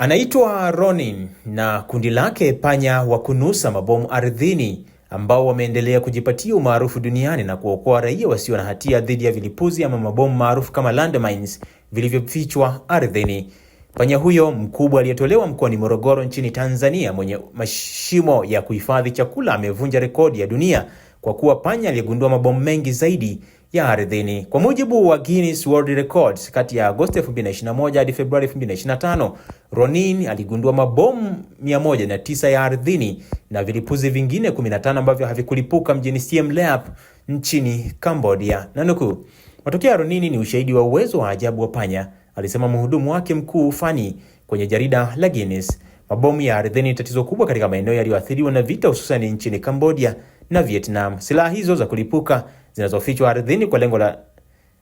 Anaitwa Ronin na kundi lake panya wa kunusa mabomu ardhini ambao wameendelea kujipatia umaarufu duniani na kuokoa raia wasio na hatia dhidi ya vilipuzi ama mabomu maarufu kama landmines vilivyofichwa ardhini. Panya huyo mkubwa aliyetolewa mkoani Morogoro nchini Tanzania mwenye mashimo ya kuhifadhi chakula amevunja rekodi ya dunia kwa kuwa panya aliyegundua mabomu mengi zaidi ya ardhini. Kwa mujibu wa Guinness World Records, kati ya Agosti 2021 hadi Februari 2025, Ronin aligundua mabomu 109 ya ardhini na vilipuzi vingine 15 ambavyo havikulipuka mjini Siem Reap nchini Cambodia. Nanuku, matokeo ya Ronin ni ushahidi wa uwezo wa ajabu wa panya, alisema mhudumu wake mkuu Fani kwenye jarida la Guinness. Mabomu ya ardhini ni tatizo kubwa katika maeneo yaliyoathiriwa na vita, hususan nchini Cambodia na Vietnam. Silaha hizo za kulipuka zinazofichwa ardhini kwa lengo la,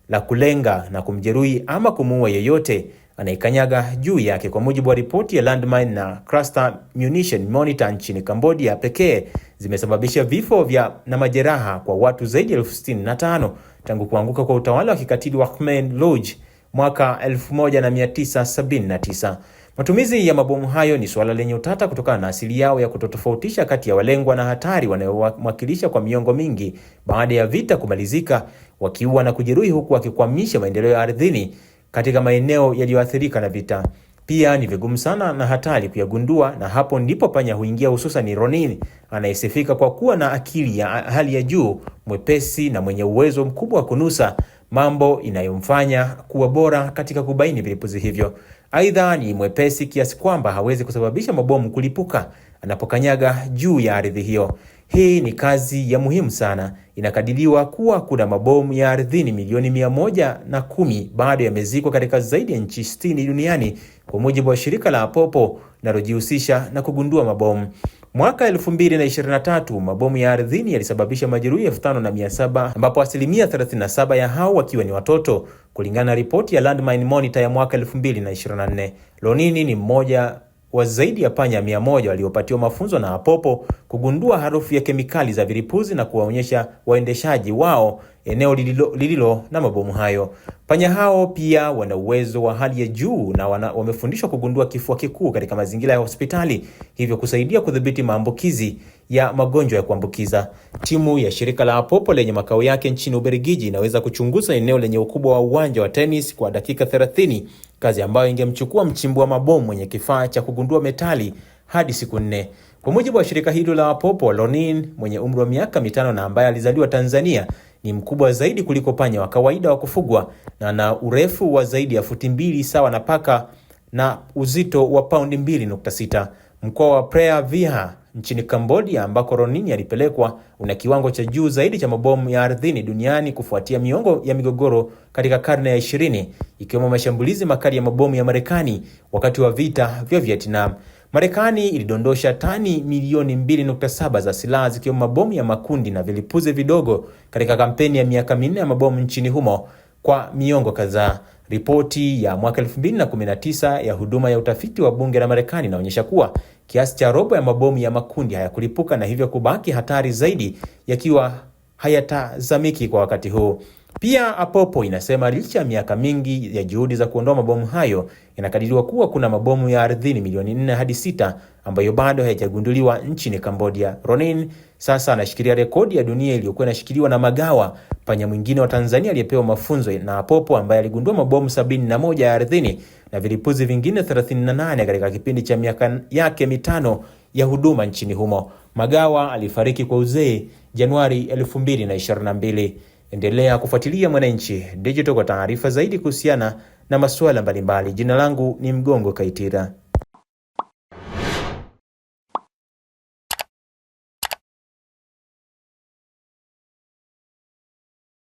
la kulenga na kumjeruhi ama kumuua yeyote anayekanyaga juu yake, kwa mujibu wa ripoti ya Landmine na Cluster Munition Monitor nchini Cambodia pekee zimesababisha vifo vya na majeraha kwa watu zaidi ya elfu sitini na tano tangu kuanguka kwa utawala wa kikatili wa Khmer Rouge mwaka 1979. Matumizi ya mabomu hayo ni suala lenye utata kutokana na asili yao ya kutotofautisha kati ya walengwa na hatari wanayowakilisha kwa miongo mingi baada ya vita kumalizika, wakiua na kujeruhi, huku wakikwamisha maendeleo ya ardhini katika maeneo yaliyoathirika na vita. Pia ni vigumu sana na hatari kuyagundua, na hapo ndipo panya huingia, hususan Ronin anayesifika kwa kuwa na akili ya hali ya juu, mwepesi na mwenye uwezo mkubwa wa kunusa mambo inayomfanya kuwa bora katika kubaini vilipuzi hivyo. Aidha, ni mwepesi kiasi kwamba hawezi kusababisha mabomu kulipuka anapokanyaga juu ya ardhi hiyo. Hii ni kazi ya muhimu sana. Inakadiriwa kuwa kuna mabomu ya ardhini milioni mia moja na kumi bado yamezikwa katika zaidi ya nchi 60 duniani kwa mujibu wa shirika la Apopo linalojihusisha na kugundua mabomu. Mwaka 2023 mabomu ya ardhini yalisababisha majeruhi 5700 ambapo asilimia 37 ya hao wakiwa ni watoto, Kulingana na ripoti ya Landmine Monitor ya mwaka 2024, Lonini ni mmoja wa zaidi ya panya 100 waliopatiwa mafunzo na Apopo kugundua harufu ya kemikali za vilipuzi na kuwaonyesha waendeshaji wao eneo lililo, lililo na mabomu hayo. Panya hao pia wana uwezo wa hali ya juu na wana, wamefundishwa kugundua kifua kikuu katika mazingira ya hospitali, hivyo kusaidia kudhibiti maambukizi ya magonjwa ya kuambukiza. Timu ya shirika la Apopo lenye makao yake nchini Ubelgiji inaweza kuchunguza eneo lenye ukubwa wa uwanja wa tenis kwa dakika 30, kazi ambayo ingemchukua mchimbua mabomu mwenye kifaa cha kugundua metali hadi siku nne. Kwa mujibu wa shirika hilo la Apopo, Lonin mwenye umri wa miaka mitano na ambaye alizaliwa Tanzania ni mkubwa zaidi kuliko panya wa kawaida wa kufugwa na ana urefu wa zaidi ya futi mbili sawa na paka na uzito wa paundi 2.6. Mkoa wa Prea Viha nchini Cambodia ambako Ronin alipelekwa una kiwango cha juu zaidi cha mabomu ya ardhini duniani kufuatia miongo ya migogoro katika karne ya 20 ikiwemo mashambulizi makali ya mabomu ya Marekani wakati wa vita vya Vietnam. Marekani ilidondosha tani milioni 2.7 za silaha zikiwemo mabomu ya makundi na vilipuzi vidogo katika kampeni ya miaka minne ya mabomu nchini humo kwa miongo kadhaa. Ripoti ya mwaka 2019 ya huduma ya utafiti wa bunge la Marekani inaonyesha kuwa kiasi cha robo ya mabomu ya makundi hayakulipuka na hivyo kubaki hatari zaidi yakiwa hayatazamiki kwa wakati huu. Pia Apopo inasema licha ya miaka mingi ya juhudi za kuondoa mabomu hayo, inakadiriwa kuwa kuna mabomu ya ardhini milioni 4 hadi sita ambayo bado hayajagunduliwa nchini Cambodia. Ronin sasa anashikilia rekodi ya dunia iliyokuwa inashikiliwa na Magawa, panya mwingine wa Tanzania aliyepewa mafunzo na Apopo, ambaye aligundua mabomu 71 ya ardhini na vilipuzi vingine 38 katika kipindi cha miaka yake mitano ya huduma nchini humo. Magawa alifariki kwa uzee Januari 2022. Endelea kufuatilia Mwananchi Digital kwa taarifa zaidi kuhusiana na masuala mbalimbali. Jina langu ni Mgongo Kaitira.